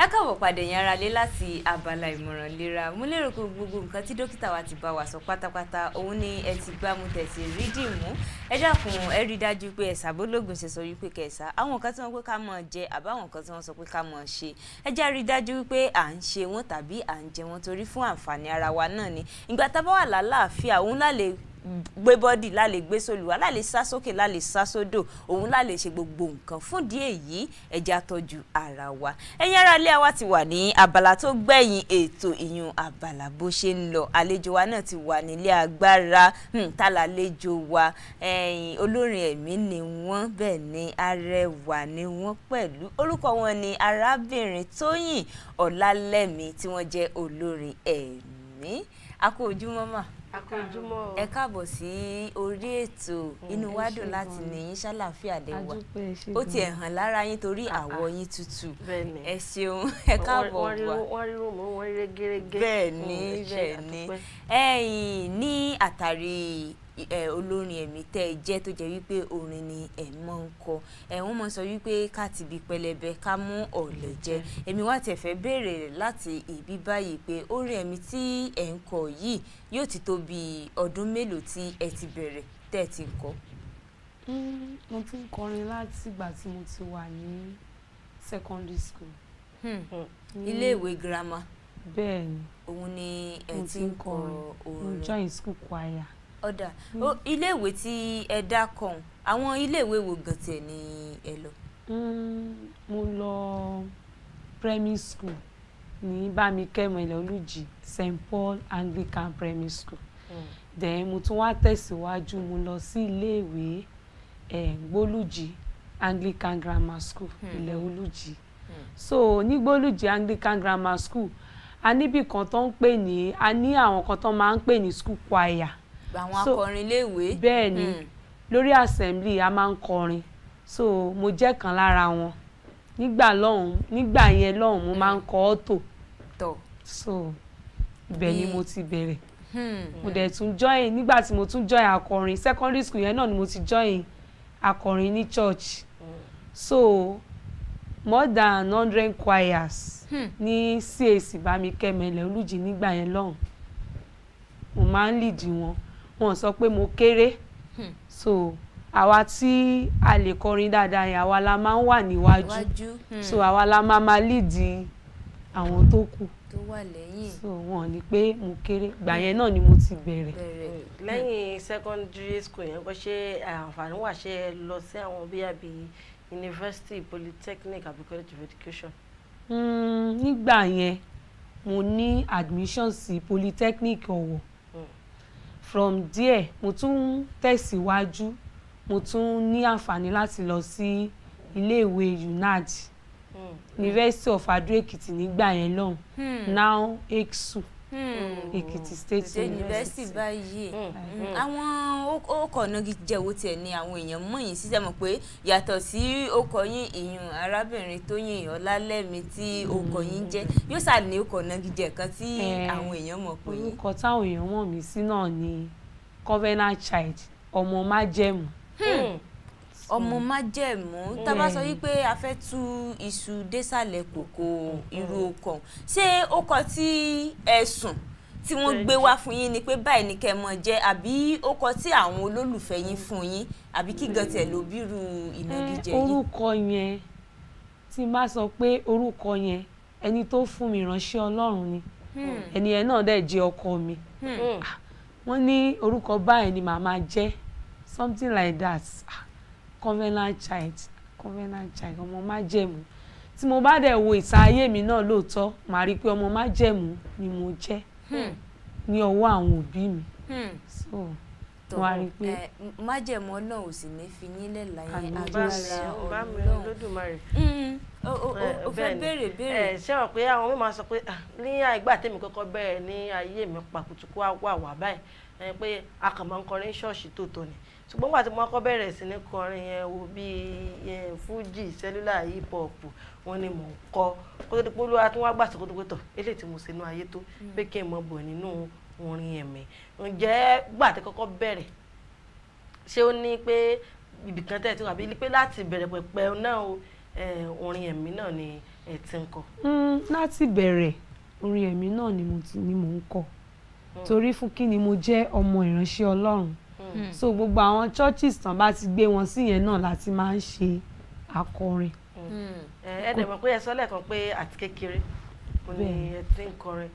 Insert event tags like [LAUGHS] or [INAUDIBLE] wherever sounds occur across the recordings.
ẹ káàbọ̀ pàdé yẹn ara lé láti abala ìmọ̀ràn lera mo lérò pé gbogbo nǹkan tí dókítà wa ti bá wa sọ pátápátá òun ni ẹ ti gbá mu tẹ̀sí rí dìmú ẹ dákun ẹ rí dájú pé ẹ̀sà bólógùn ṣe sọ wípé kẹsà àwọn nǹkan tí wọ́n pé ká mọ̀ jẹ àbáwọn nǹkan tí wọ́n sọ pé ká mọ̀ ṣe ẹ já rí dájú wípé à ń ṣe wọn tàbí à ń jẹ wọn torí fún àǹfààní ara wa náà ni ìgbà tá wà lálàáfíà òun lálẹ́ gbé bọ́dì láàlè gbé sólùwà láàlè sá sókè láàlè sá sódò òun láàlè ṣe gbogbo nǹkan fún díẹ̀ èyí ẹja tọ́jú ara wa ẹ̀yin ará ilé wa ti wà ní abala tó gbẹ̀yìn ètò ìyún abala bó ṣe ń lọ àlejò wa náà ti wà nílé agbára hmm, tálà àlejò wa olórin ẹ̀mí ni wọ́n bẹ́ẹ̀ ni arẹwà ni wọ́n pẹ̀lú orúkọ wọn ni arábìnrin Tóyìn Ọlálẹ́mí tí wọ́n jẹ́ olórin ẹ̀mí a kú akọjúmọ́ ẹ káàbọ̀ sí orí ètò inú wa dùn láti ní yín ṣàlàáfíà dẹwà ó tiẹ̀ hàn lára yín torí ah, àwọ̀ ah. yín tutù ẹ ṣeun ẹ káàbọ̀ wá wọ́n rí rúmọ̀ wọ́n rí régérégé bẹ́ẹ̀ ni bẹ́ẹ̀ ni ẹ̀yìn ní àtàrí olórin ẹ̀mí tẹ́ ẹ jẹ́ tó jẹ́ wípé orin ni ẹ̀ mọ́ ń kọ ẹ̀wọ́n mọ̀ sọ wípé ká ti bi pẹlẹbẹ ká mú ọ̀lẹ̀ jẹ èmi wá tẹ̀ fẹ́ béèrè láti ibi báyìí pé orin ẹ̀mí tí ẹ̀ ń kọ yìí yóò ti tó bí ọdún mélòó tí ẹ ti bẹ̀rẹ̀ tẹ́ ẹ ti ń kọ. Hmm, mo ti ń kọrin láti ìgbà tí mo ti wà ní secondary school. Hmm. Hmm. ilé ìwé girama. bẹ́ẹ̀ ni òun ni ẹ ti ń kọ orin. mo join school choir ọ̀dà hmm. iléèwé tí ẹ dá kan àwọn iléèwé wo gàntẹ̀ ni ẹ lọ. Hmm, mo lọ primary school ní bámikẹ́mọ ilẹ̀ olùjì st paul anglican primary school mm. then mo tún wá tẹ̀síwájú mo lọ sí iléèwé eh, gbólùjì anglican grammar school hmm. ilẹ̀ olùjì so ní gbólùjì anglican grammar school a níbì kan tó ń pè ní a ní àwọn kan tó máa ń pè ní school choir àwọn akọrin iléèwé. bẹ́ẹ̀ ni hmm. lórí assembly a máa ń kọrin so mo jẹ́ kan lára wọn nígbà lọ́hùn nígbà yẹn lọ́hùn mo máa ń kọ ọ́tò so ibẹ̀ ni mo ti bẹ̀rẹ̀ hmm. mo dẹ̀ tún join nígbà tí mo tún join akọrin secondary school yẹn náà ni mo ti join akọrin ní church so more than hundred choirs hmm. ní CAC Bámikẹ́mi Ẹlẹ́olújì nígbà yẹn lọ́hùn mo máa ń lead wọn wọn sọ pé mo kéré hmm. so àwa tí a lè kọrin dáadáa yẹn àwa la máa ń wà níwájú hmm. so àwa la máa máa lídìí àwọn tó kù tó wà lẹ́yìn. so wọn ní pé mo kéré ìgbà yẹn náà ni mo ti bẹ̀rẹ̀. Hmm. lẹ́yìn secondary school yẹn kọ́ ṣé àǹfààní wà ṣe é lọ sí àwọn bí àbí university polytechnic àbí college of education. nígbà yẹn mo ní admission sí polytechnic ọ̀wọ̀ from there mo tún tẹ̀síwájú mo tún ní àǹfààní láti lọ sí iléèwé UNAD hmm. University of Ado Ekiti nígbà yẹn lọ́hùn hmm. now EKSU. Èkìtì hmm. State University báyìí hmm. Hmm. àwọn ọkọ̀ nagijẹ wo tiẹ̀ ni àwọn èèyàn mọ̀ yín sísẹ́ mọ̀ pé yàtọ̀ sí ọkọ̀ yín ìyún arábìnrin Tóyìn Ọlálẹ́mi tí ọkọ̀ yín jẹ́ yóò sà ní ọkọ̀ nagijẹ kan tí eh, àwọn èèyàn mọ̀ pé. orúkọ táwọn èèyàn mọ̀ mí sí náà ni covenant child ọmọ májẹ̀mú. Hmm ọmọ májẹ̀mú tá a bá sọ mm. wípé a fẹ́ tú iṣu désàlẹ̀ kòkò irú mm. ọkọ̀ ṣé ó kọ tí ẹ̀sùn tí wọ́n gbé wá fún yín ni pé báyìí ni kẹ́ mọ̀ jẹ́ àbí ó kọ tí àwọn olólùfẹ́ yín fún yín àbí kí gan tiẹ̀ ló bírú ìnagijẹ eh, yín. orúkọ yẹn tí n bá sọ pé orúkọ yẹn ẹni tó fún mi ránṣẹ́ ọlọ́run ni hmm. ẹni yẹn náà dẹ̀ jẹ́ ọkọ mi hmm. ah, wọ́n ní orúkọ báyìí ni màá máa jẹ́ something like that. Ah, covenant child covenant child ọmọ májẹ̀mú tí mo bá dẹ̀ wo ìta ayé mi náà lóòótọ́ màá rí i pé ọmọ májẹ̀mú ni mo jẹ́ hmm. ní ọwọ́ àwọn òbí mi hmm. so mo á rí i pé. Eh, májẹ̀mú ọlọ́run ò sì ní fi yín lẹ́la yẹn àdúrà ọlọ́run lódùmarè. Hmm. o fẹ́ béèrè béèrè. ẹ eh, ṣé wọn pé àwọn mi máa sọ pé ah, ní àìgbà tèmi kọ́kọ́ bẹ̀rẹ̀ ní ayé mi pàkùtùkù wà wà báyìí pé a kàn máa ń kọrin ṣọ́ọ̀ṣì tó tọ́ ni ṣùgbọ́n gbà tí mo kọ́ bẹ̀rẹ̀ sí ní kọrin yẹn wo bíi eh, fújì cellular hip hop wọn ni mò ń kọ́ kó tó di pé olúwa tí wọ́n á gbà sókòtò pé tọ̀ eléyìí tí mo ṣe inú ayé tó pé kí n mọ bọ̀ nínú orin ẹ̀mí ǹjẹ́ gbà tí kọ́kọ́ bẹ̀rẹ̀ ṣé ó ní pé ibìkan tẹ̀ tí wọ́n àbí pé láti bẹ̀rẹ̀ pẹ̀pẹ̀ náà eh, orin ẹ̀mí náà ni ẹ̀ ti ń kọ. Hmm, láti bẹ̀rẹ̀ orin ẹ̀mí náà ni mo ń kọ hmm. torí fún kí ni mo jẹ́ ọmọ ìránṣẹ́ Ọlọ́run Hmm. so gbogbo àwọn churches tán bá ti gbé wọn sí yẹn náà láti máa ń ṣe akọrin. Hmm. Hmm. Eh, ẹ dẹ̀ mọ̀ pé ẹ sọ lẹ́ẹ̀kan pé àti kékeré kò ní ẹ ti ń kọrin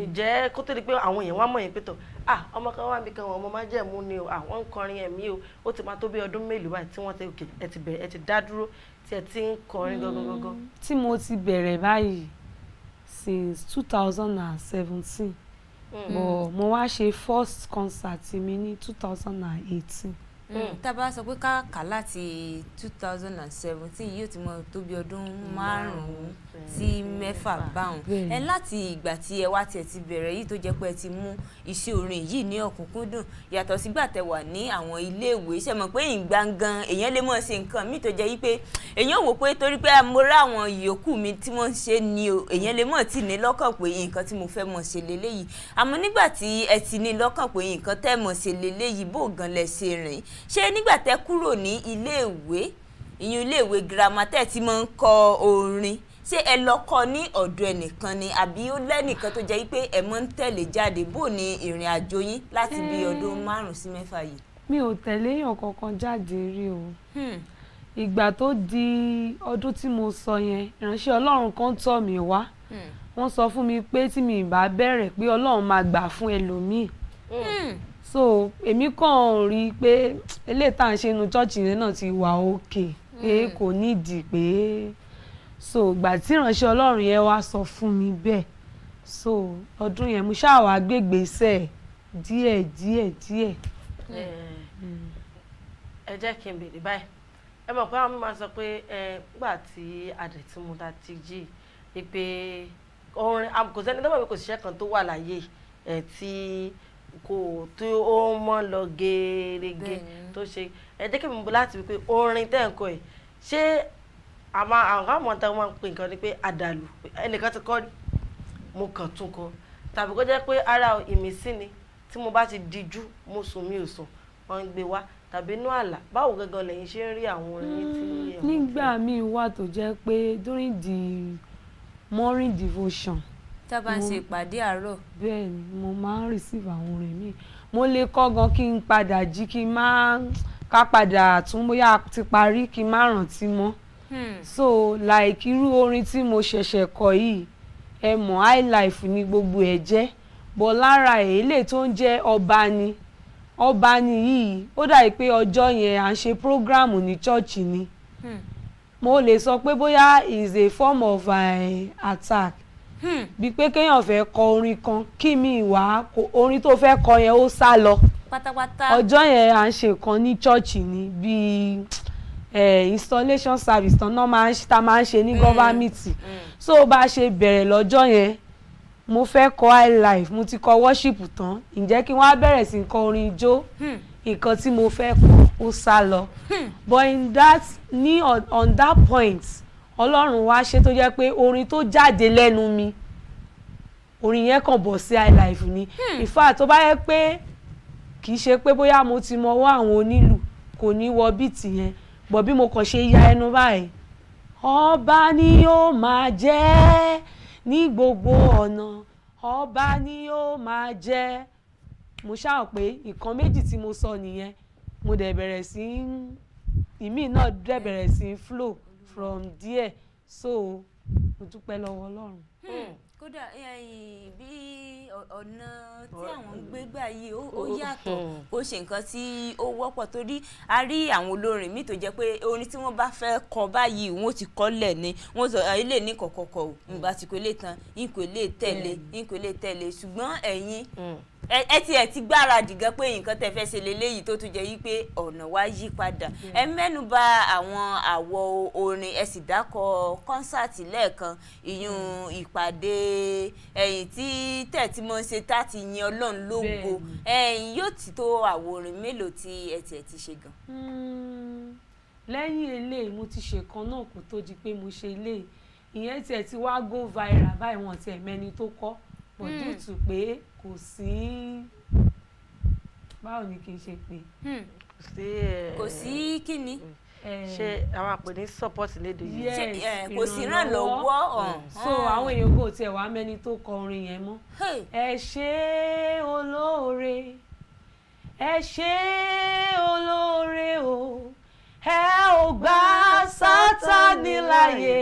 ǹjẹ́ kó tó di pé àwọn èèyàn wá mọ̀ yín pé tọ̀ ah ọmọ kan wá mi kan wọn ọmọ máa jẹ́ mú ni o àwọn ń kọrin ẹ̀mí o ó ti máa tó bí ọdún mélòó báyìí tí wọ́n ti òkè ẹ ti bẹ̀rẹ̀ ẹ ti dá dúró tí ẹ ti ń kọrin gangan. tí mo ti bẹ̀rẹ̀ báyìí since two thousand and seventeen Mm. mo wá ṣe first concert mi ní two thousand and eighteen. Mm. Mm. tá a bá sọ pé ká láti two thousand and seventeen yóò ti mọ tó bí ọdún márùn-ún sí mẹ́fà báwọn ẹ láti ìgbà tí ẹ wá tiẹ̀ ti bẹ̀rẹ̀ yìí tó jẹ́ pé ẹ ti mú iṣẹ́ orin yìí ní ọ̀kúnkúndùn yàtọ̀ sígbà tẹ wà ní àwọn iléèwé ṣe mọ̀ pé ìgbàngàn èèyàn lè mọ̀ ṣe nǹkan míì tó jẹ́ yí pé èèyàn wò pé torí pé mo rá àwọn ìyókù mi tí wọ́n ń ṣe ni o èèyàn lè mọ̀ tí ní lọ́kàn pé nǹkan tí mo fẹ́ mọ̀ ṣe leléyìí àmọ́ nígbà tí ẹ ti ní lọ́kàn pé nǹkan tẹ́ mọ̀ ṣe leléyìí bó gan lẹ ṣe rìn ṣé nígbà tẹ́ kúrò ní iléèwé ìyún iléèwé girama tẹ́ ti máa ń kọ orin ṣé ẹ lọ kọ ní ọ̀dọ̀ ẹnìkan ni àbí ó lẹ́nìkan tó jẹ́ pé ẹ máa ń tẹ̀lé jáde bó ni ìrìn àjò yín láti bí ọdún márùn sí mẹ́fà yìí. mi ò tẹ̀lé èèyàn kankan jáde rí o hmm. ìgbà tó di ọdún tí mo sọ yẹn ìránṣẹ́ ọlọ́run kan tọ̀ mí wá hmm. wọ́n sọ fún mi pé tí mi bá bẹ̀rẹ̀ pé ọlọ́run máa gbà fún ẹlòmíì hmm so èmi kàn rí i pé eléyìí tá à ń ṣe inú chọ́ọ̀chì yẹn náà ti wà òkè pé mm. kò nídìí pé so ìgbà tí ìránṣẹ́ ọlọ́run yẹn wá sọ fún mi bẹ́ẹ̀ so ọdún yẹn mo ṣáà wá gbégbé iṣẹ́ díẹ̀ díẹ̀ díẹ̀. Mm. ẹ jẹ́ kí n bèrè báyìí ẹ mọ̀ pé àwọn máa sọ pé ẹ gbà tí àdẹ̀tí mu ta ti jí i pé orin kò sẹ́ni tó mọ̀ pé kò síṣẹ́ kan tó wà láyé ẹ̀ tí kò tí ó mọ́ lọ gẹ́gẹ́ tó ṣe ẹ jẹ́ kí mi bọ́ láti wípé orin tẹ́ ń kọ ẹ̀ ṣé àwọn àmọ́ tá a máa ń pè nǹkan ni pé àdàlù ẹnìkan ti kọ́ mo kàn tún kọ tàbí kó jẹ́ pé ara ìmísí ni tí mo bá ti dijú mo sùn mi ò sùn wọ́n ń gbé wá tàbí inú àlà báwo gangan lẹ́yìn ṣe ń rí àwọn orin tí. nígbà míì wà tó jẹ́ pé during the morning devotion tá ń ṣe ìpàdé àárọ̀. bẹ́ẹ̀ mo máa ń receive àwọn orin mi mo lè kọ́ kí n padà jí kí n máa ká padà tún bóyá ti parí kí n má rántí mọ́. Hmm. so like irú orin tí mo ṣẹ̀ṣẹ̀ kọ yìí ẹ mọ̀ high life ni gbogbo ẹ̀ jẹ́ bọ̀ lára èlé tó ń jẹ́ ọba ni ọba ni yìí ó dàbí pé ọjọ́ yẹn à ń ṣe prógráàmù ní chọ́ọ̀chì ni. Hmm. mo lè sọ pé bóyá is a form of uh, attack Hmm. bíi pé kéèyàn fẹ́ kọ orin kan kí mi wá orin tó fẹ́ kọ yẹn ó sá lọ pátápátá ọjọ́ yẹn à ń ṣe nǹkan ní chọ́ọ̀chì ni bíi eh, installation service tán náà máa ń ta máa ń ṣe ní hmm. gọ́fàmìtì hmm. so bá a ṣe bẹ̀rẹ̀ lọ́jọ́ yẹn mo fẹ́ kọ high life mo ti kọ worship tán ǹjẹ́ kí wọ́n á bẹ̀rẹ̀ sí kọ orin ijó nǹkan tí mo fẹ́ kọ ó sá lọ but in that ní on, on that point ọlọ́run wá ṣe tó jẹ́ pé orin tó jáde lẹ́nu mi orin yẹn kàn bọ̀ sí high life ni hmm. in fact tó bá yẹ pé kì í ṣe pé bóyá mo ti mọwọ́ àwọn onílù kò ní wọ bíìtì yẹn bọ̀ bí mo kàn ṣe ya ẹnu báyìí ọba ni yóò máa jẹ́ ní gbogbo ọ̀nà ọba ni yóò máa jẹ́ mo ṣáà pé nǹkan méjì tí mo sọ nìyẹn mo dẹ̀ bẹ̀rẹ̀ sí ìmí náà dẹ̀ bẹ̀rẹ̀ sí flow from there so mo dúpẹ́ lọ́wọ́ ọlọ́run. Hmm, kódà eh, bí ọ̀nà tí àwọn ń gbé gbà yìí ó hmm. yàtọ̀ hmm. ó ṣe nǹkan tí ó wọ́pọ̀ torí a rí àwọn olórin mi tó jẹ́ pé orin tí wọ́n bá fẹ́ kọ báyìí wọ́n ti kọ́lẹ̀ ni wọ́n sọ ilé ní kọ̀kọ̀kọ̀ ò ìgbà tí kò lè tan n kò lè tẹ̀lé n kò lè tẹ̀lé ṣùgbọ́n ẹ̀yin ẹ ti ẹ ti gbáradì gan pé nǹkan tẹ́ fẹ́ ṣe leléyìí tó tún jẹ́ wípé ọ̀nà wa yí padà ẹ mẹ́nu bà àwọn àwo orin ẹ sì dákọ kọ́nsáàtì lẹ́ẹ̀kan ìyún ìpàdé ẹ̀yìn tí tẹ̀tí mọ́ ṣe tá ti yin ọlọ́run lógo ẹ̀yìn yóò ti tó àwo orin mélòó tí ẹ ti ẹ ti ṣe gan. Hmm, lẹ́yìn eléyìí mo ti ṣe kan náà kó tó di pé mo ṣe eléyìí ìyẹn tiẹ̀ ti wá go viral báyìí wọn tiẹ̀ mẹ́ni tó kọ́ hmm. pọ̀ kò sí báwo ni kì í ṣe pé. Hmm. kò sí eh, kò sí kíni. Eh, ṣé àwọn eh, àpè ní support lédè yìí. yes kò sí ìrànlọ́wọ́ ọ̀hún. Oh, so oh. àwọn èèyàn kò tiẹ̀ wá mẹ́ni tó kọ orin yẹn mọ́. ẹ ṣé olóore ẹ ṣé olóore o ẹ ò gbà Sátánì láàyè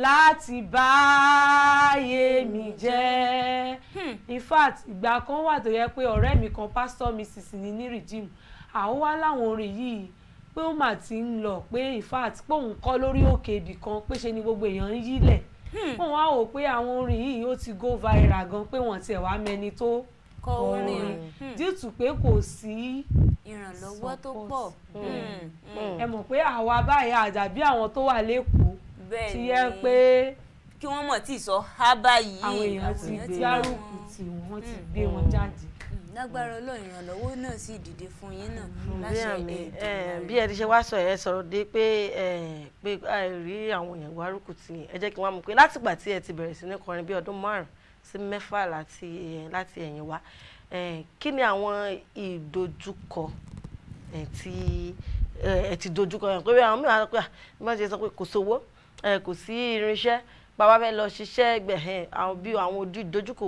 láti báyé mi jẹ́ hmm. in fact ìgbà kan wà tó yẹ pé ọ̀rẹ́ mi kan pásítọ̀ Mrs ní ní rìdíìmù àwọn wá láwọn orin yìí pé ó mà ti ń lọ pé in fact pé òun kọ́ lórí òkè ibì kan pé ṣe ni gbogbo èèyàn ń yílẹ̀ òun hmm. á wò pé àwọn orin yìí ó ti go viral gan pé wọ́n tiẹ̀ wá mẹ́ni tó kọ orin hmm. due to pé kò sí ìrànlọ́wọ́ tó pọ̀ ẹ mọ̀ pé àwa báyìí àjàbí àwọn tó wà lẹ́kọ̀ọ́ bẹ́ẹ̀ ni ti yẹ pé kí wọ́n mọ̀ tí sọ hábà yìí àwọn èèyàn ti gbé lárùkù tí wọ́n ti gbé mm. wọn jáde mm. lágbára ọlọ́run ìrànlọ́wọ́ náà sì dìde fún yín náà mm. láṣẹ ẹ̀ẹ́dùn. bí ẹ ti ṣe wá sọ ẹ sọ̀rọ̀ dé pé pé àìrí àwọn èèyàn wárúkù tì yín ẹ jẹ́ kí wọ́n mọ̀ pé látìgbà tí ẹ ti bẹ̀rẹ̀ sí ní kọrin bí ọdún márùn-ún sí mẹ́fà láti láti ẹ̀yìn wá kí ni àwọn ìdojúkọ tí ẹ ti dojúkọ ẹ pé àwọn mìíràn sọ pé kò sówó kò sí irinṣẹ́ bàbá fẹ́ lọ ṣiṣẹ́ gbẹ̀hẹ̀ àwọn bí àwọn ìdojúkọ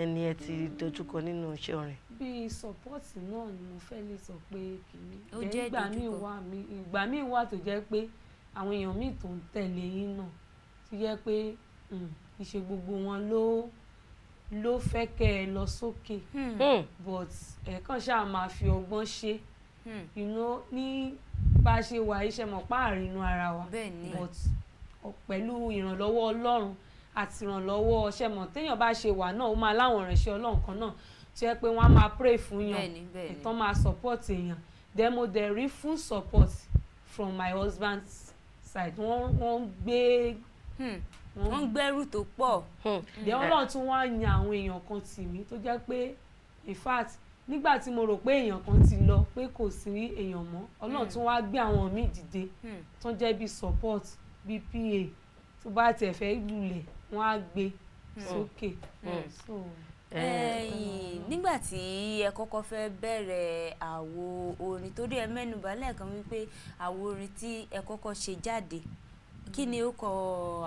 ẹni ẹ ti dojúkọ nínú iṣẹ́ orin. bí sọpọ́ọ̀tì náà ni mo fẹ́ lè sọ pé kìíní ìgbà míì wà ìgbà míì wà tó jẹ́ pé àwọn èèyàn míì tó ń tẹ̀lé yín náà tó jẹ́ pé hmm, ìṣe gbogbo wọn ló ló fẹ́ kẹ́ ẹ lọ sókè hmm. Hmm. but ẹ̀ kàn ṣáà máa fi ọgbọ́n ṣe you know ní bá a ṣe wà iṣẹ́ mọ̀ páàrin inú ara wa but pẹ̀lú ìrànlọ́wọ́ ọlọ́run àti ìrànlọ́wọ́ ṣe mọ̀ téèyàn bá ṣe wà náà ó máa láwọn ìránṣẹ́ ọlọ́run kan náà tó yẹ pé wọ́n á máa pray fún yàn ìtàn máa support èèyàn then mo dẹ̀ rí full support from my husband's side wọ́n wọ́n gbé hmm. wọ́n gbẹ́rù tó pọ̀. Hmm. then hmm. ọlọ́run tún wá yan àwọn èèyàn kan tì mí tó jẹ́ pé in nígbà tí mo rò pé èèyàn kan ti lọ pé kò sí èèyàn mọ́ ọlọ́run tún wá gbé àwọn míì dìde tó jẹ́ bí support. Hmm bíi pa tó bá tiẹ̀ fẹ́ lulẹ̀ wọ́n á gbé hmm. sókè. Hmm. Hmm. nígbà tí ẹ kọ́kọ́ fẹ́ bẹ̀rẹ̀ àwo orin torí ẹ mẹ́nubà lẹ́ẹ̀kan wípé àwo orin tí ẹ kọ́kọ́ ṣe jáde kí ni ó kọ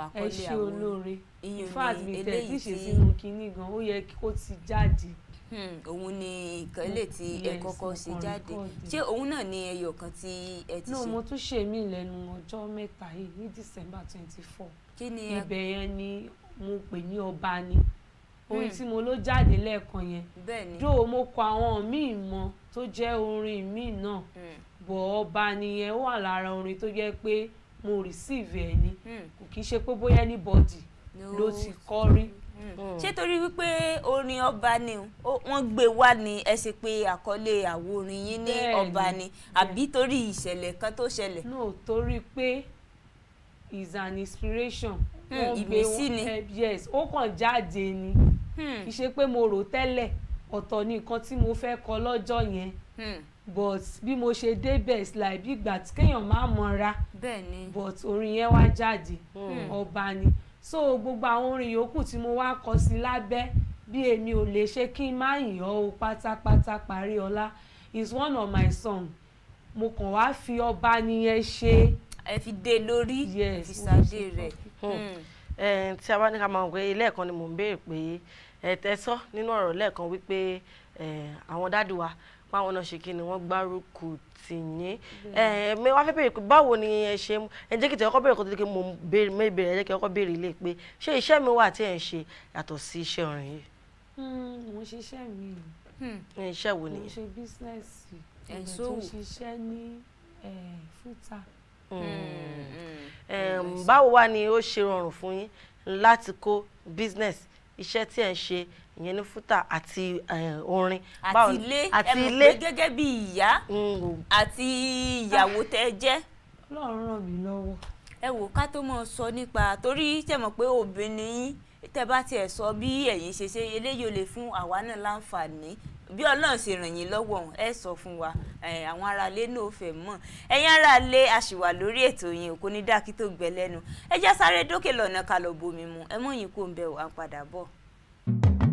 àkọlé àwo ẹ ṣe olóore in tẹ̀ tí ṣe sínú kinní gan ó yẹ kó ti jáde. Hmm, òun ni nǹkan ilé tí ẹ kọ́kọ́ ṣe jáde ṣé òun náà ni ẹyọ kan tí ẹ ti ṣe. náà mo tún ṣe mí lẹ́nu ọjọ́ mẹ́ta yìí ní december twenty four ibẹ̀ yẹn ni mo pè ní ọba ni orin hmm. tí mo ló jáde lẹ́ẹ̀kan yẹn dó mo kọ àwọn míì mọ tó jẹ́ orin míì náà hmm. bọ̀ ọba nìyẹn wà lára orin tó jẹ́ pé mo receive ẹ̀ ni kò kí ṣe pé bóyá anybody ló ti kọ rí ṣé mm. torí wípé orin ọba ni wọ́n gbé wá ni ẹ pé àkọlé àwo orin yín ní ọba ni àbí torí ìṣẹ̀lẹ̀ kan tó ṣẹlẹ̀. no torí pé is an inspiration. Hmm, ìmísí ni eh, yes ó kàn jáde ni hmm. kì í ṣe pé mo rò tẹ́lẹ̀ ọ̀tọ̀ ni nǹkan tí mo fẹ́ kọ lọ́jọ́ yẹn hmm. but bí mo ṣe débẹ̀ like bí ìgbà kéèyàn má mọra but orin yẹn wá jáde ọba ni. Hmm so gbogbo àwọn orin yòókù tí mo wá kọ sí lábẹ́ bí èmi ò lè ṣe kí n má yìn ọ́ pátápátá parí ọlá is one of my song mo kàn wá fi ọba nìyẹn ṣe. ẹ fi dé lórí ìfisàdé rẹ. Hmm. Hmm. tí a bá ní ká máa wọ lẹ́ẹ̀kan ni mò ń béèrè pé ẹ tẹ́ sọ nínú ọ̀rọ̀ lẹ́ẹ̀kan wípé àwọn dádì páwọn náà ṣe kí ni wọ́n gbárùkù tì yín mi wá fẹ́ béèrè pé báwo ni ẹ ṣe ẹ jẹ́ kí tẹ̀ ọkọ béèrè kó tó di pé mo béèrè ẹ jẹ́ kí ọkọ béèrè ilé pé ṣé iṣẹ́ mi wà tí ẹ̀ ń ṣe yàtọ̀ sí iṣẹ́ orin yìí. Hmm, mo ṣiṣẹ́ mi o hmm. iṣẹ́ wo ni. mo ṣe bísínẹ́sì ẹ̀ tó ṣiṣẹ́ ní fúta. Hmm. báwo wá ni ó ṣe rọrùn fún yín láti kó bísínẹ́sì iṣẹ́ tí ẹ̀ ń ṣe ìyẹn ní fúta àti eh, orin. àti ilé àti ilé ẹ mọ̀ pé gẹ́gẹ́ bí ìyá mm. àti ìyàwó tẹ́ jẹ́. ọlọ́run ràn mí lọ́wọ́. ẹ wò ká tó mọ̀ sọ nípa torí tẹ́ mọ̀ pé obìnrin yín tẹ́ bá tiẹ̀ sọ bí ẹ̀yin ṣe ṣe eléyìí ò lè fún àwa náà láǹfààní bí ọlọ́run ṣe ràn yín lọ́wọ́ ẹ sọ fún wa àwọn aráalé náà ò fẹ́ mọ̀ ẹ̀yin aráalé a lórí ètò yín kò ní dákí tó gbẹ lẹ́nu ẹ já sáré dókè lọ́nà ká bomi mu ẹ mọ̀ yín kó ń bẹ̀ wá padà bọ̀. thank you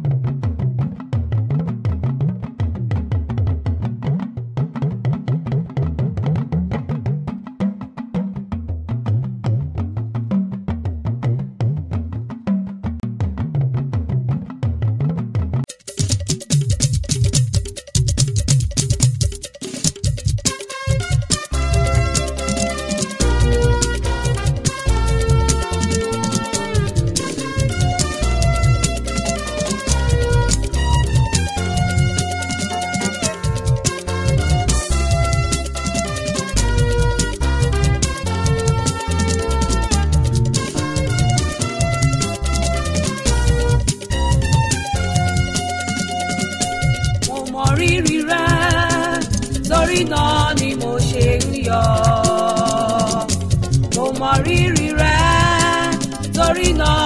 mọ rírì rẹ̀ torí náà.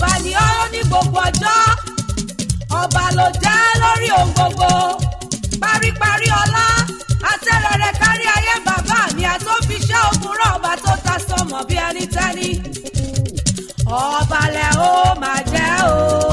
ọba ni ọ̀rọ̀ ní gbogbo ọjọ́ ọba ló jẹ́ lórí ohun gbogbo paríparí ọlá àtẹrẹrẹ kárí ayé bàbá mi àtòfiṣẹ́ òkúrọ̀ ọba tó ta sọmọ bí ẹni tẹ́ni ọbalẹ̀ ó máa jẹ́ o.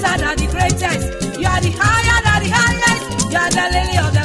greater than the greatest. You are the higher than the highest. You are the lily of the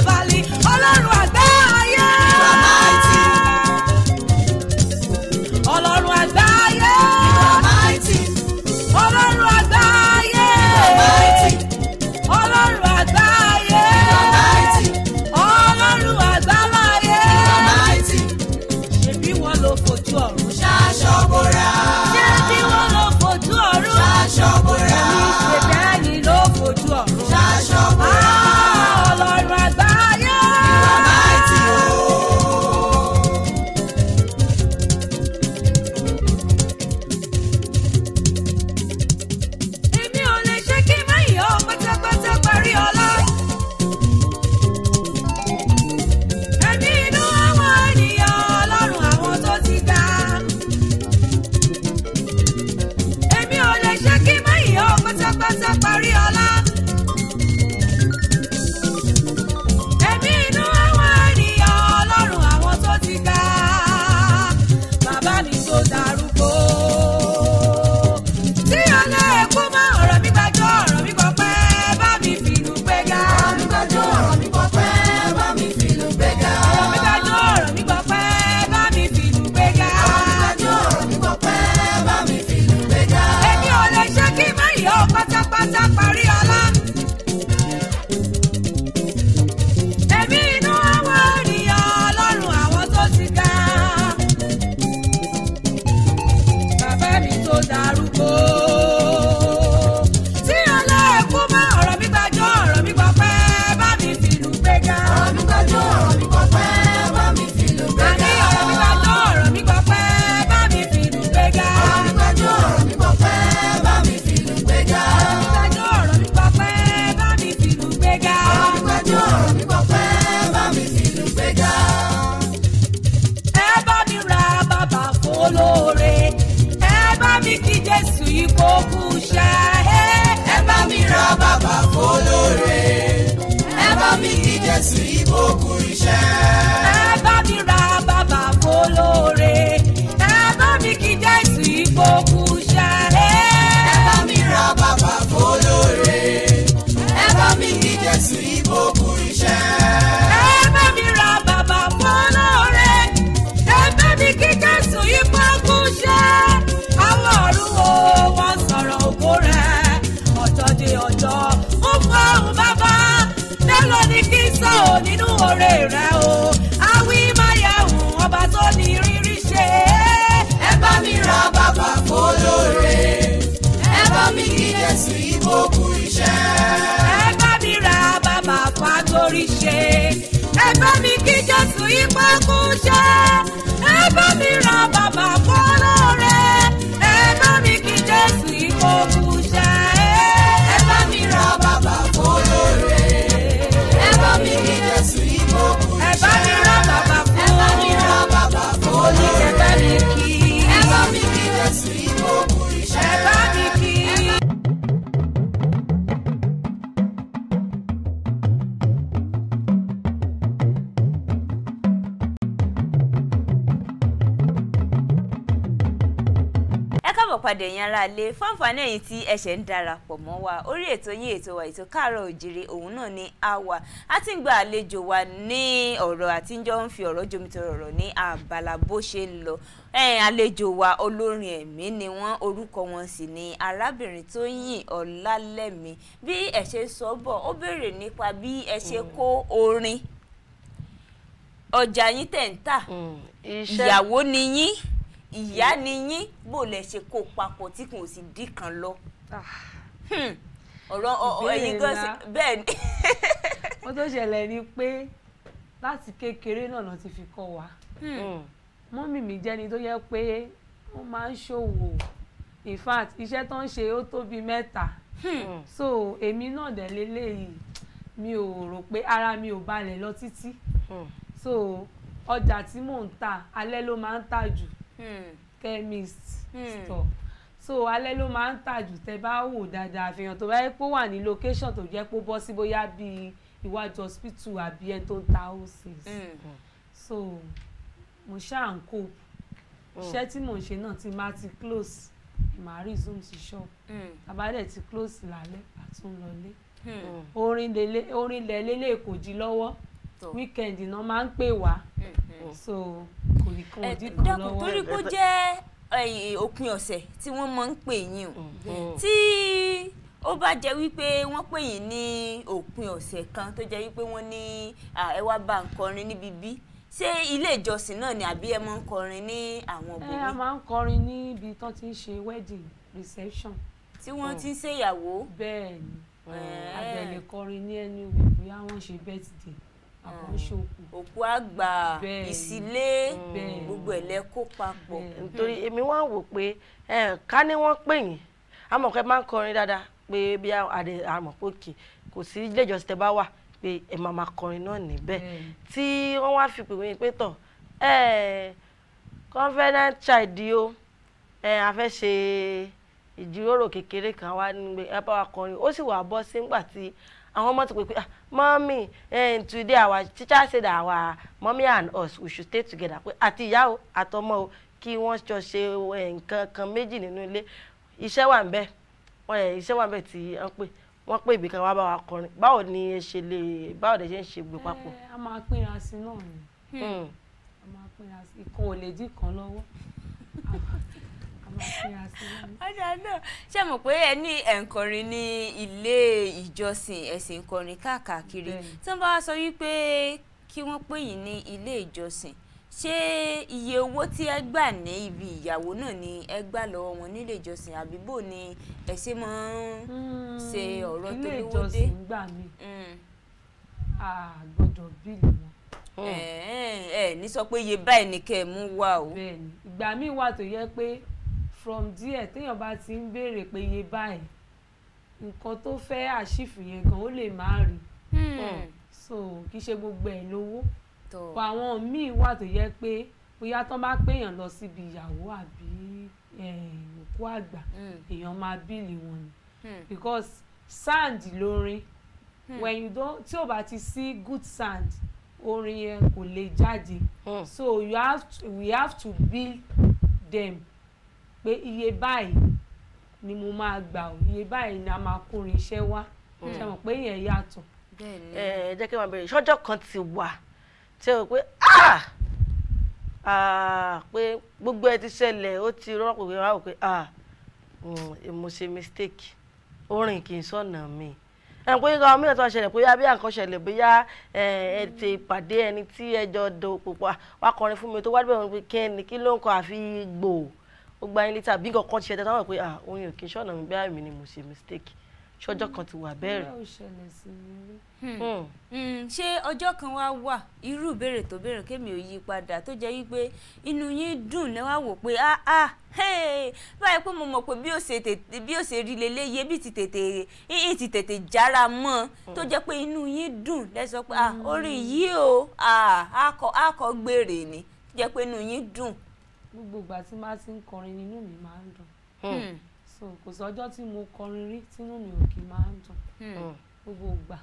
sí ìmọ̀kù iṣẹ́. ẹ bá mi ra bàbá fagbórí ṣe ẹ bá mi kí Jésù ìpẹ́kù ṣe ẹ bá mi ra bàbá. aráalé fáǹfààní ẹ̀yin tí ẹ̀ṣẹ̀ ń darapọ̀ mọ́ wa orí ètò yín ètò wa ètò káàárọ̀ òjìrì òun náà ni a wà á ti ń gba àlejò wa ní ọ̀rọ̀ àtijọ́ ń fi ọ̀rọ̀ jomitoro ọ̀rọ̀ ní àbàlà bó ṣe ń lọ àlejò wa olórin ẹ̀mí ni wọ́n orúkọ wọn sì ni arábìnrin Tóyìn Ọlálẹ́mí bí ẹ ṣe sọ bọ̀ ó béèrè nípa bí ẹ ṣe mm. kó orin ọjà yín tẹ̀ ń tà mm. ìyàwó ni yín. Mm ìyá ni yín bò lẹ ṣe kó papọ̀ tí kò sì dì kan lọ. Ah. Hmm. ọ̀rọ̀ ẹ̀yin gan bẹ́ẹ̀ ni. mo [LAUGHS] tó ṣẹlẹ̀ ni pé láti kékeré náà ló ti fi kọ́ wa hmm. Hmm. mọ́mì mi jẹ́ni tó yẹ pé ó máa ń ṣòwò in iṣẹ́ tó ń ṣe ó tó mẹ́ta so èmi náà dẹ̀ lélẹ́yìí mi ò rò pé ara mi ò balẹ̀ lọ títí so ọjà tí mò ń ta alẹ́ ló máa ń tà jù chemist hmm. Hmm. store so alẹ́ ló máa ń tà jù tẹ́ bá wò dáadáa àfihàn tó bá yẹ pé ó wà ní location tó jẹ́ pé ó bọ́ sí bóyá bíi iwájú hospital àbí ẹni tó ń ta houses hmm. so mo ṣáà ń kó iṣẹ́ tí mò ń ṣe náà ti máa ti close màá resume sí shop bàbá dẹ̀ ti close lálẹ́ àtúnlọlé orin lẹ́lẹ́ kò jí lọ́wọ́ weekend náà máa ń pè wá mm-hmm. so kò ní eh, kan òdì kan lọ́wọ́. torí kó jẹ́ eh, òpin ọ̀sẹ̀ tí wọ́n máa ń pè yín o mm-hmm. tí ó bá jẹ́ wípé wọ́n pè yín ní òpin ọ̀sẹ̀ kan tó jẹ́ wípé wọ́n ní ẹ wá bá ń kọrin níbi bí ṣé ilé ìjọsìn náà ni àbí ẹ máa ń kọrin ní àwọn obìnrin. Eh, ẹ a máa ń kọrin níbi tó ti ń ṣe wedding reception. tí wọ́n oh. ti ń ṣèyàwó. bẹ́ẹ̀ ni àgbẹ̀lẹ̀ kọrin ní ẹni wò bóyá wọ́n ṣe birthday òkú àgbà ìsílé gbogbo ẹ̀ lẹ kó papọ̀. nítorí èmi wá wò pé ká ní wọ́n pè yín àmọ́ pé máa ń kọrin dáadáa pé bí àdè àmọ̀ pé òkè kò sí ilé ìjọsìn tẹ́ bá wà pé ẹ máa máa kọrin náà níbẹ̀ tí wọ́n wá fi pè mí pé tọ̀ confident child o a fẹ́ ṣe ìjíròrò kékeré kan wá nígbẹ́ ẹ bá wa kọrin ó sì wà bọ́ sí nígbà tí àwọn ọmọ ti pè pé ah, mọ́mí eh, today our teacher said that our mommy and us we should stay together pé àti ìyá o àtọmọ o kí wọ́n jọ ṣe eh, nǹkan kan méjì nínú ilé iṣẹ́ wà ń bẹ̀ eh, iṣẹ́ wà ń bẹ̀ tí wọ́n pè wọ́n pè ibìkan wá bá wa kọrin báwo ni ẹ ṣe lè báwo lẹ ṣe ń ṣe gbé papọ̀. a máa pínra sí náà ni hmm. a máa pínra sí ikọ̀ ò lè dì kan lọ́wọ́. [LAUGHS] [LAUGHS] ọjà náà ṣe mọ̀ pé ẹ ní ẹ̀ǹkọrin ní ilé ìjọsìn ẹ̀sìn ìkọrin káàkiri tí wọ́n bá wá sọ wípé kí wọ́n pè yín ní ilé ìjọsìn ṣé iye owó tí ẹ gbà ní ibi ìyàwó náà ni ẹ gbà lọ́wọ́ wọn nílé ìjọsìn àbí bò ni ẹ ṣe máa ń ṣe hmm, ọ̀rọ̀ tó lówó dé. ilé ìjọsìn gbà mí hmm. a gbọ́dọ̀ bíìlì wọn ẹ ẹ ní sọ pé iye báyìí ni kẹ́ ẹ mú wá o. bẹ́ẹ̀ni ìgbà míì wà tó yẹ pé from there, téèyàn bá ti ń béèrè pé iye báyìí nǹkan tó fẹ́ àṣìfù yẹn gan ó lè má rí hmm. so kì í ṣe gbogbo ẹ̀ lówó pa àwọn míì wà tó yẹ pé bóyá tán bá péyàn lọ síbi ìyàwó àbí òkú àgbà hmm. èèyàn máa bíìlì wọn ni hmm. because sand lórin when you don tí o bá ti sí good sand orin yẹn kò lè jáde so you have to, we have to build them pé iye báyìí ni mo máa gbà ó iye báyìí ni a máa kórin iṣẹ́ wá mm. ṣe mọ̀ pé ìyẹn yàtọ̀. ẹ ẹ jẹ́ kí n máa bẹ̀rẹ̀ sọ́jọ́ kan ti wà tí o pé ah! pé gbogbo ẹ ti ṣẹlẹ̀ ó ti rọ́pò pé wàá wò pé mo ṣe mistake orin kì í sọ̀nà mi ẹ̀ pé nǹkan mílíọ̀nù tó ń ṣẹlẹ̀ bóyá bí àǹkan ṣẹlẹ̀ bóyá ẹ ti pàdé ẹni tí ẹjọ́ do pòpọ̀ wá kọrin fún mi tó wá dé bẹ̀rẹ̀ pé kí ni kí ló ń kọ àfi gbòò ó gba yín létí àbí nǹkan kan ti ṣẹlẹ̀ táwọn pé ah orin òkè ṣọ́nà mi bẹ́ẹ̀ mi ni mo ṣe mistake ṣọjọ́ kan ti wà bẹ́ẹ̀ rẹ̀. Hmm. Hmm. Hmm, ṣé ọjọ́ kan wá wà irú ìbéèrè tó béèrè kémi ò yí padà tó jẹ́ wípé inú yín dùn ní wá wò pé ah ah báyìí pé mo mọ̀ pé bí ó ṣe rí leléyé bí ti tètè ìyí ti tètè jára mọ́ tó jẹ́ pé inú yín dùn lẹ́sọ pé ah orin yìí o ah akọ gbèrè ni jẹ́ pé inú yín dùn gbogbo ìgbà tí má ti ń kọrin inú mi máa ń dùn hmm. so kò sọ́jọ́ tí mo kọrin rí tínú mi ò kì máa ń dùn hmm. gbogbo ìgbà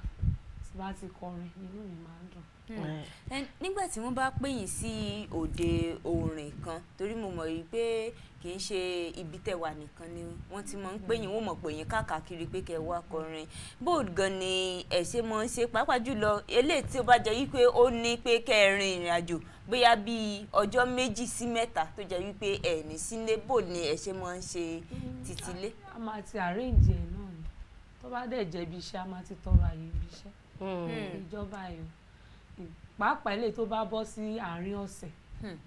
tí bá ti kọrin inú mi máa ń dùn. Hmm. Hmm. nígbà tí wọ́n bá pèyìn sí òde òrìn kan torí mo mọ̀ yìí pé kì í ṣe ibi tẹ̀wà nìkan ni wọ́n ti máa ń pèyìn hmm. wọ́n mọ̀ pèyìn káàkiri pé kẹ́ wá kọrin bó gan ni ẹ̀ ṣe máa ń ṣe pàápàá jùlọ eléyìí tí ó bá jẹ́ wípé ó ní pé kẹ́ ẹ rin ìrìn àjò bóyá bíi ọjọ́ méjì sí mẹ́ta tó jẹ́ wípé ẹ̀ ní sílé bò ni ẹ̀ ṣe máa ń ṣe títí lé. a máa ti àríǹjẹ náà ni tó bá dẹ̀ jẹ́ iṣẹ́ a máa ti tọrọ àyè ibi iṣẹ́ Hmm. ìjọba yìí pàápàá ilé tó bá bọ́ sí àárín ọ̀sẹ̀ hmm.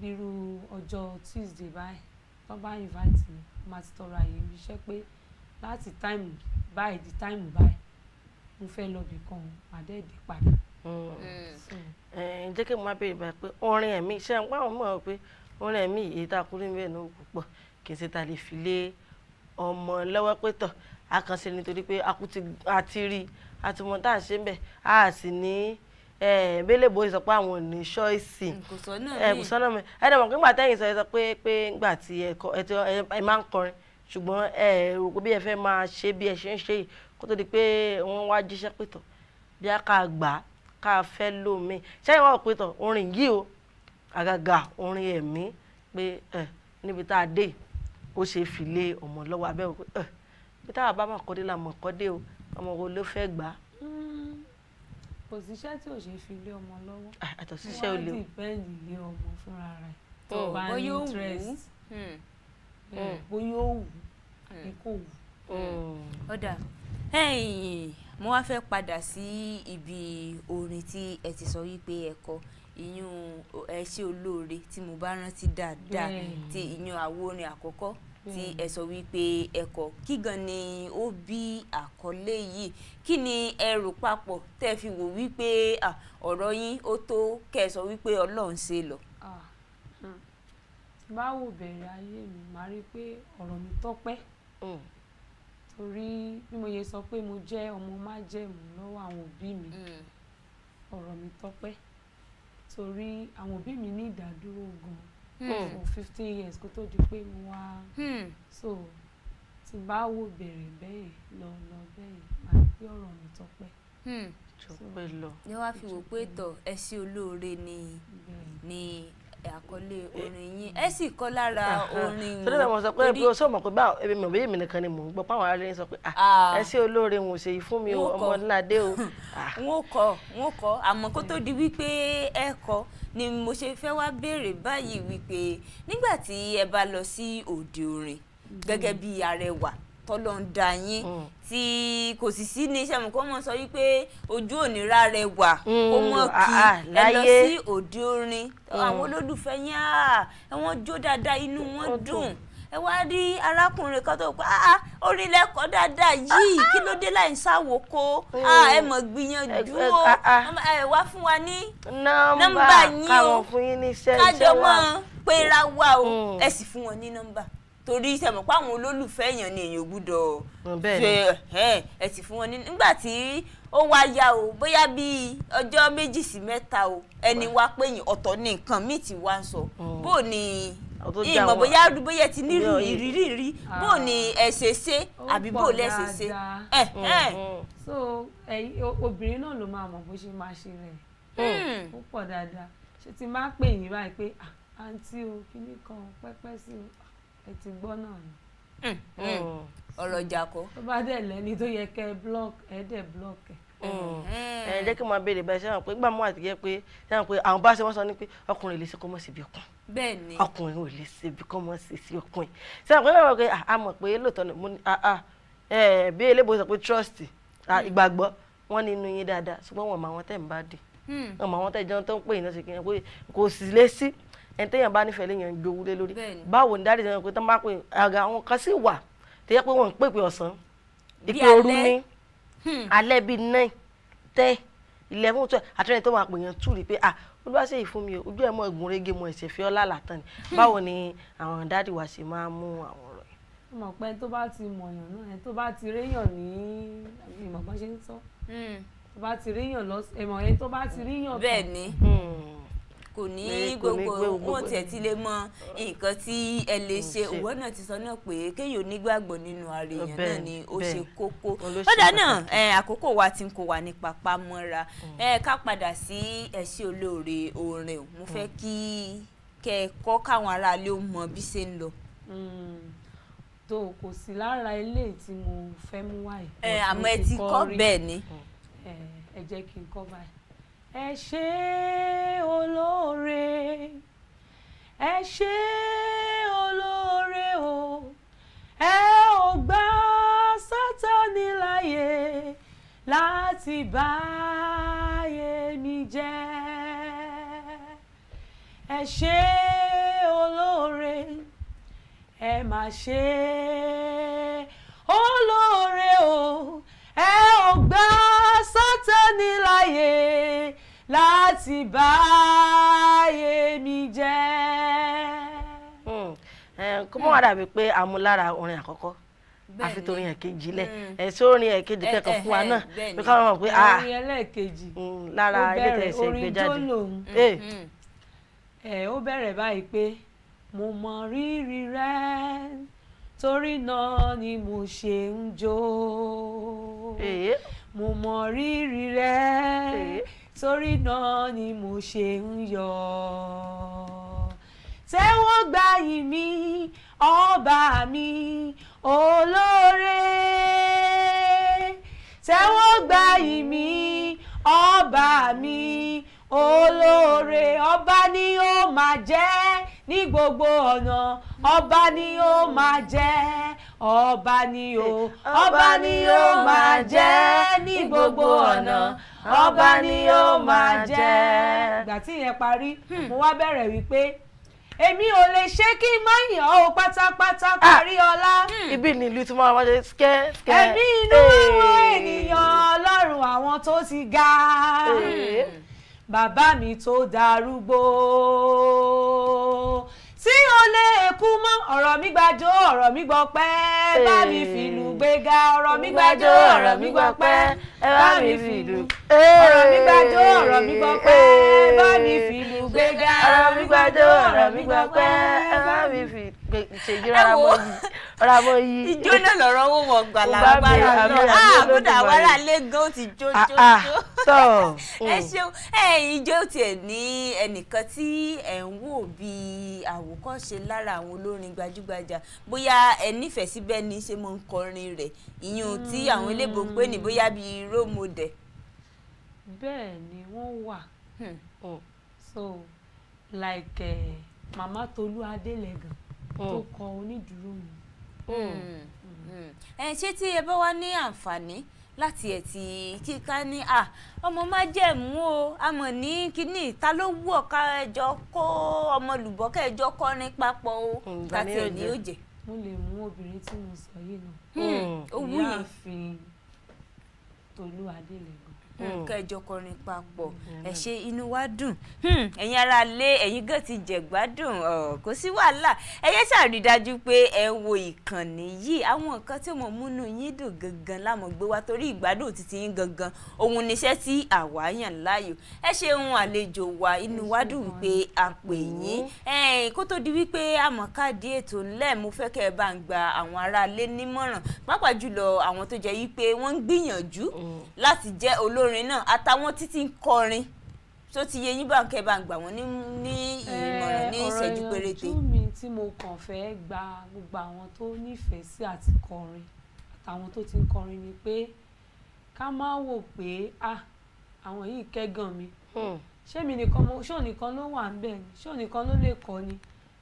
bírú ọjọ́ Tuesday báyìí tó bá invite mi má ti tọrọ àyè mi iṣẹ́ pé láti time báyìí di time báyìí mo fẹ́ lọ bì kan àdẹ́ẹ̀dẹ́ padà. ǹjẹ́ hmm. kí mo máa béèrè báyìí pé orin ẹ̀mí iṣẹ́ ń pàwọn mọ̀ pé orin ẹ̀mí èyí tá a kúrò níbẹ̀ náà púpọ̀ kì í ṣe ta lè fi lé ọmọ lọ́wọ́ pé tọ̀ nítorí pé a ti rí i àtìmọ̀ tá à ṣe ń bẹ̀ a sì ní bélébó sọ pé àwọn ò ní ṣọ́ọ̀ṣì kò sọ́nà mi ẹ dẹ̀ mọ̀ pé ńgbà tẹ́yìn sọ ẹ sọ pé pé ńgbà tí ẹ máa ń kọrin ṣùgbọ́n ẹ rò pé bí ẹ fẹ́ máa ṣe bí ẹ ṣe ń ṣe yìí kó tó di pé wọ́n wá jíṣẹ́ pẹ̀tọ̀ bí a ká gbà á ká fẹ́ lómi ṣẹ́yìn wọ́n pẹ̀tọ̀ orin yìí o àgàgà orin ẹ̀mí pé ẹ níbi tá a dé ó ṣe fìlé ọmọ lọ́wọ́ abẹ́ òkú ẹ bí táwa bá máa kọ́ la mọ̀ kọ́ o ọmọ wo ló fẹ́ gbà á. Hmm, kò síṣẹ́ tí ò ṣeé fi lé ọmọ lọ́wọ́ ah, àtọ̀ síṣẹ́ ò lè wọ́n á dìbẹ́ẹ̀lì lé ọmọ fúnra rẹ̀ tó oh, bá ní interest bóyá ó wù àbí hmm. hmm. wù. ọ̀dà mo wá fẹ́ padà sí ibi orin tí ẹ ti sọ wípé ẹ kọ ìyún ẹ ṣe olóore tí mo bá rántí dáadáa ti ìyún àwo orin àkọ́kọ́ tí hmm. ẹ sọ wípé ẹ̀kọ́ kí gan ni ó bí àkọlé yìí kí ni ẹ rò papọ̀ tẹ́ fi wò wípé ọ̀rọ̀ yín ó tó kẹ́ ẹ sọ wípé Ọlọ́run ṣe lọ. Hmm. báwo bẹ̀rẹ̀ ayé mi màá rí i pé ọ̀rọ̀ mi tọ́pẹ́ hmm. torí bí mo yẹ sọ pé mo jẹ́ ọmọ májẹ̀mú lọ́wọ́ àwọn òbí mi ọ̀rọ̀ mi tọ́pẹ́ torí àwọn òbí mi ní ìdádúró gan-an Hmm. for fifty years kó tó di pé mo wá hmm. so tí bá wò bẹ̀rẹ̀ bẹ́ẹ̀ lọ lọ bẹ́ẹ̀ máa gbé ọ̀rọ̀ mi tọpẹ́ ìjọpẹ́ hmm. lọ. ni wọ́n á fi wò pé tọ̀ ẹ sí olóore ni àkọlé orin yín ẹ sì kọ lára orin yín. sọdọ́dọ̀ mo sọ pé bí o sọ mọ̀ pé bá ebi mọ̀ bíyèmí nìkan ni mò ń gbọ́ páwọn aráàlú yín sọ pé ẹ sí olóore wọn ò ṣe yìí fún mi o ọmọ ńláde o. wọn [LAUGHS] kọ wọn kọ àmọ́ kó tó di wípé ẹ kọ ni mo ṣe fẹ́ wá béèrè báyìí wípé nígbà tí ẹ bá lọ sí òde orin gẹ́gẹ́ bí arẹwà tọ́lọ́ ń da yín mm. tí kò sì sí ní iṣẹ́ mọ̀kọ́ mọ̀ sọ wípé ojú òníra rẹ wà kó mm. mọ̀ kí ah, ah, ẹ lọ sí òde orin mm. àwọn olólùfẹ́ yín ah, ẹ wọ́n jó dáadáa inú wọn dùn ẹ wá rí arákùnrin kan tó pa á orin lẹ́kọ̀ọ́ dáadáa yìí kí ló dé láì sáwò kó ẹ mọ̀ gbìyànjú o ẹ wá fún wa ní nọ́mbà yín o kájọ mọ́ pera wa o ẹ sì fún wọn ní nọ́mbà torí sẹmọ pé àwọn olólùfẹ́ èèyàn ni èèyàn gbúdọ̀ ṣe ẹ ti fún wọn ní nígbà tí ó wá yá o bóyá bíi ọjọ́ méjì sí mẹ́ta o ẹni wá pé yín ọ̀tọ̀ ni nǹkan míì ti wá ń sọ mm. bó ni ìmọ̀ bóyá bóyá ti ní ìrírí rí bó ni ẹ ṣe ṣe àbí bó lẹ ṣe ṣe. Mm, mm. so obìnrin náà ló máa mọ̀ bó ṣe máa ṣe rẹ̀ hmm. ó pọ̀ dáadáa ṣé ti máa pè yín báyìí pé àǹtí o kí ni kan pẹ́pẹ́ sí o ẹ ti gbọ́ náà ni. Mm, mm. ọ̀rọ̀ ìjàkó. tó bá dẹ̀ lẹ́ni tó yẹ kẹ́ block ẹ dẹ̀ block ẹ. Mm. ẹ jẹ́ kí n máa béèrè báyìí sẹ́wọ̀n pé gbàmú àti jẹ́ pé sẹ́wọ̀n pé àwọn bá ṣe wọ́n sọ ni pé ọkùnrin lè ṣe kó mọ̀ sí ibi ọkùn. bẹ́ẹ̀ni ọkùnrin ò lè ṣe ibi kó mọ̀ sí sí ọkùnrin sẹ́wọ̀n pé báwo pé a mọ̀ pé lóòótọ́ ni mo ní bí elébo sọ pé trust ìgbàgbọ́ wọn nínú yín dáadáa ṣùgbọ́n wọn mọ àwọn tẹ̀ ń bá dì wọn mọ àwọn tẹ̀ jẹun tó ń pè yín náà ṣe kí n pé kò sì lé sí ẹni téèyàn bá nífẹ̀ẹ́ léèyàn gbowó lé lórí báwo ni dáàdì sẹ́yìn pé tán bá pè àga àwọn kan sì wà tó yẹ pé wọ́n ń pèpè ọ̀sán ìpè òru ni hmm. alẹ́ bíi nine ten eleven twelve àtúnyẹ̀ tó máa pè yẹn tù rí pé ah olúwa ṣe ìfún mi o ojú ẹ̀ mọ́ ẹ̀gùn rege mọ́ ẹ̀sẹ̀ fi ọ́ lálàtàn ni hmm. báwo ni àwọn dáàdì wa ṣe máa mú àwọn ọ̀rọ̀ yẹn. ọmọ pé tó bá ti mọ̀yàn náà ẹ tó bá ti réyàn ní ìmọ̀ bá ṣe ń sọ hmm. tó bá ti réyàn lọ́sẹ̀ ẹ̀mọ̀ ẹ tó bá ti réyàn tán. bẹ́ẹ̀ kò ní gbogbo wọn tiẹ̀ ti lè mọ nǹkan tí ẹ lè ṣe òwò náà ti sọ náà pé kéèyàn onígbàgbọ́ nínú ara èèyàn náà ni ó ṣe kókó lọ́dà náà àkókò wa ti ń kó wa ní papá mọ́ra mm. ká padà sí ẹ̀ṣẹ́ olóore orin mo fẹ́ mm. kí kẹ́ ẹ kọ́ káwọn aráalé ó mọ bí ṣe ń lọ mm. tó kò sí lára ilé tí mo fẹ́ mú wáyé. àmọ́ ẹ ti kọ́ bẹ́ẹ̀ ni. ẹ jẹ́ kí n kọ́ báyìí ẹ ṣé olóore ẹ ṣé olóore o ẹ ò gbà Sátánì láyè láti bà ayé mi jẹ́ ẹ ṣé olóore ẹ mà ṣe olóore o ẹ ò gbà Sátánì láyè ti bá ayé mi jẹ́. Hmm. Eh, kó mọ́ wá hmm. dàbí pé amúlára orin àkọ́kọ́ àfi torí ẹ̀ kejì lẹ̀ hmm. ẹ̀ sí orin ẹ̀ kejì kẹ́kọ̀ọ́ eh, fún wa eh, náà bí káwọn mọ̀ pé ah lára ilé tẹ̀sẹ̀ gbé jáde ẹ̀ ó bẹ̀rẹ̀ báyìí pé mo mọ rírì rẹ torí náà ni mo ṣe ń jó mo mọ rírì rẹ torí náà ni mo ṣe ń yọ̀ tẹ́wọ́ gba yìn mí ọba mi olóore tẹ́wọ́ gba yìn mí ọba mi olóore ọba ni ó máa jẹ́ ní gbogbo ọ̀nà ọba ni ó máa jẹ́ ọba ni ó ọba ni ó máa jẹ́ ní gbogbo ọ̀nà ọba ni ó máa jẹ. ìgbà tí ìyẹn parí hmm. mo wá bẹ̀rẹ̀ wípé èmi ò lè ṣe kí n má yàn ọ́ pátápátá ah, parí ọlá. Hmm. ibi ni ìlú tí mo máa ṣe skẹ́ skẹ́. ẹ̀mí inú àwọn ènìyàn ọlọ́run àwọn tó ti ga bàbá mi tó darúgbó tí o lè kú mọ́ ọ̀rọ̀ mi gbàjọ ọ̀rọ̀ mi gbọpẹ́ bá mi fìlú gbéga ọ̀rọ̀ mi gbàjọ ọ̀rọ̀ mi gbọpẹ́ ẹ bá mi fi ọ̀rọ̀ mi gbàjọ ọ̀rọ̀ mi gbọ́ pẹ́ ẹ bá mi fi ìlú ọ̀rọ̀ mi gbàjọ ọ̀rọ̀ mi gbọ́ pẹ́ ẹ bá mi fi ìṣèjì rárá mọ́ yìí. rárá mọ́ yìí. ìjó náà lọ̀rọ̀ wò wọ̀ gbàlagbàlà náà àbúdà ah, wàrà lẹ́gàn ó ti jó ah, jó ah, jó. tọ́ [LAUGHS] ẹ mm. ṣeun ẹ ìjó tiẹ̀ ní ẹnìkan tí ẹ̀ ń wò bí àwòkọ́ṣe lára àwọn olórin gbajúgbajà bóyá ẹ nífẹ̀ẹ́ síbẹ̀ ní ṣe mọ́ ń kọrin rẹ̀ ìyún tí àwọn eléèbó role model. bẹ́ẹ̀ ni wọ́n wà hmm. oh, so like uh, eh, mama Tolú Adélẹ́gàn tó oh. kọ onídùúró mi. ẹ hmm. oh. hmm. eh, ṣé tí ẹ bá wá ní àǹfààní láti ẹ̀ tí kíká ní à ọmọ má jẹ̀mú o àmọ̀ ní kínní ta ló wù ọ́ ká ẹjọ́ kó ọmọ lùbọ́ ká ẹjọ́ kọrin papọ̀ o kàtẹ́ ní òjè. mo lè mú obìnrin tí mo sọ yìí náà. ó wù ìyá àfin Tolú Adélẹ̀bú Hmm. kẹjọ kọrin papọ̀ hmm. ẹ ṣe inú wa dùn hmm. ẹ̀yin ara lé ẹ̀yin gan ti jẹ̀gbádùn kò sí wàhálà ẹyẹ ṣàrídájú pé ẹ wo ìkànnì yìí àwọn nǹkan tí mo múnú yín dùn gangan lámọ̀ gbé wa torí ìgbádùn títí yín gangan òun níṣẹ́ tí àwa yàn láàyò ẹ ṣeun àlejò wa inú wa dùn pé a pè yín kó tó di wípé àmọ̀káàdì ètò ńlẹ̀ mo fẹ́ kẹ́ ẹ bá ń gba àwọn ará ilé nímọ̀ràn pàápàá jùlọ olórin náà àtàwọn títí ń kọrin tó ti yẹ yín báńkẹ́ bá ń gbà wọ́n ní ìmọ̀ràn ní eh, ìṣẹ́jú péréte. ọ̀rọ̀ ìyànjú mi tí mo kàn fẹ́ gba gbogbo àwọn tó nífẹ̀ẹ́ sí àti kọrin àtàwọn tó ti ń kọrin ni pé ká má wò pé ah àwọn yìí kẹ́gàn mi hmm. ṣé mi nìkan mo ṣó nìkan ló wà ń bẹ̀ ni ṣó nìkan ló lè kọ ni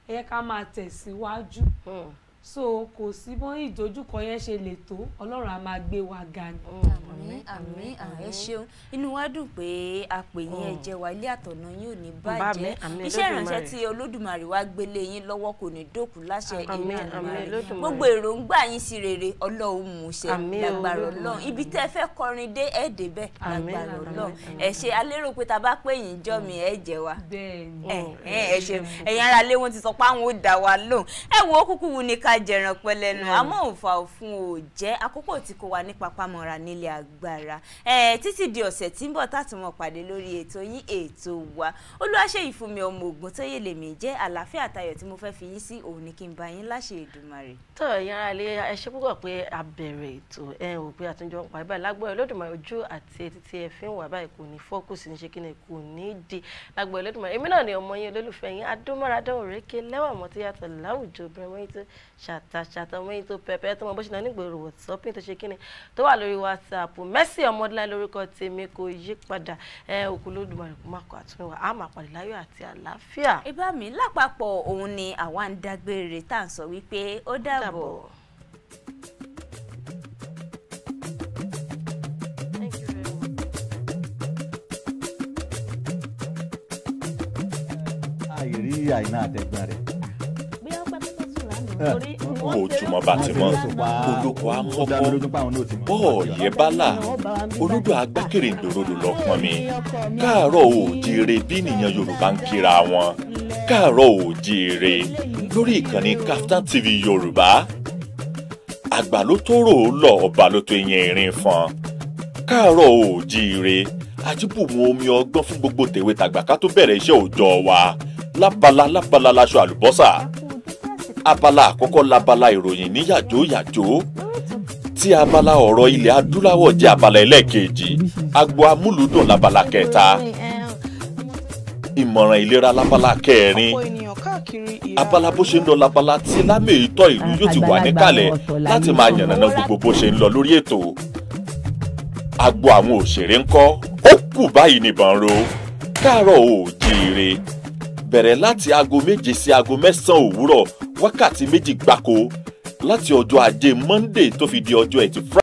ẹ yẹ ká máa tẹ̀síwájú hmm so kò sí mọ́ ìdojúkọ yẹn ṣe lè tó ọlọ́run á máa gbé wa ga ni. àmín àmín ẹ ṣeun inú wa dùn pé àpè yín ẹ oh. jẹ́ wa ilé àtọ̀nà yín ò ní bàjẹ́ iṣẹ́ ìrànṣẹ́ tí olódùmarè wa gbélé yín lọ́wọ́ kò ní dókun láṣẹ ìrànlọ́wọ́ gbogbo èròǹgbà yín sí rere ọlọ́run mú ṣe lágbára ibi tẹ́ ẹ fẹ́ kọrin dé ẹ̀ débẹ̀ lágbára ọlọ́run ẹ ṣe alérò pé tá a yín jọ mi mm. ẹ wa ẹ ṣe ẹ̀yin ará lé wọn ti sọ pé àwọn ò dá wa ká jẹran pẹ́ lẹ́nu àmọ́ òǹfà òfun ò jẹ́ àkókò tí kò wà ní papamọ́ra nílé agbára títí di ọ̀sẹ̀ tí ń bọ̀ táti mọ̀ pàdé lórí ètò yín ètò wa Olúwaṣeyì Fúnmi ọmọ ògùn tó yé lèmi jẹ́ àlàáfíà tayọ̀ tí mo fẹ́ fi yín sí òun ni kí n bá yín láṣẹ Èdùmàrè. tó yàrá ilé ẹ ṣe púpọ̀ pé a bẹ̀rẹ̀ ètò ẹ ò pé àtúnjọ ń parí báyìí lágbọ́ Olódùmarè ojú àti etí ẹ fi ń wà báyìí kò ní ni kò ní di lágbọ́ Olódùmarè èmi náà ni ọmọ yín olólùfẹ́ yín adómáradá òrékè lẹ́wà mọ́tíyàtọ̀ láwùjọ ṣàtàṣàtà ọmọ yìí tó pẹpẹ tó mọ bó ṣe náà nígboro wọ̀tọ́pì tó ṣe kíni tó wà lórí whatsapp Mercy Ọmọdúnláyé lórúkọ tèmi kò yí padà ẹ òkú lódùmarè kó má kó àtúnwá á máa pàdé láyọ̀ àti àlàáfíà. ìbá mi lápapọ̀ òun ni àwa ń dágbére tá à ń sọ wípé ó dàbọ̀. àìrí àìná àtẹ̀gbọ́n rẹ̀ ojúmọ́ bá ti mọ́ olóko á mọ́kọ́ bọ́ọ̀yẹ́ bá là olódò agbákèrè ìgbòrodò lọ́pọ̀ mi káàárọ̀ oòjíire bí nìyẹn yorùbá ń kíra wọn káàárọ̀ oòjíire lórí ìkànnì Kaftan TV yorùbá àgbà ló tó rò ó lọ ọba ló tó yẹn ìrìn fọn káàárọ̀ oòjíire àjíbùmù omi ọgbọ́n fún gbogbo tèwe tàgbà ká tó bẹ̀rẹ̀ iṣẹ́ òòjọ́ wa lábala lábala láṣọ àlùbọ́sà abala àkọ́kọ́ labala ìròyìn ní yàjóyàjó tí abala ọ̀rọ̀ ilẹ̀ adúláwọ̀ jẹ́ abala ẹlẹ́ẹ̀kejì agbo amúlùdùn labala kẹta ìmọ̀ràn ìlera labala kẹrin abala bó ṣe ń lọ labala tí lámèétọ́ ìlú yóò ti wà níkàlẹ̀ láti máa yànnàná gbogbo bó ṣe ń lọ lórí ètò agbo àwọn òṣèré ńkọ́ ó kù báyìí nìbọn ro káàárọ̀ oòjíire bẹ̀rẹ̀ láti aago méje sí aago mẹ́sàn-án òwúrọ̀ wákàtí méjì gbáko láti ọjọ́ ajé Monday tó fi di ọjọ́ ẹtì Friday.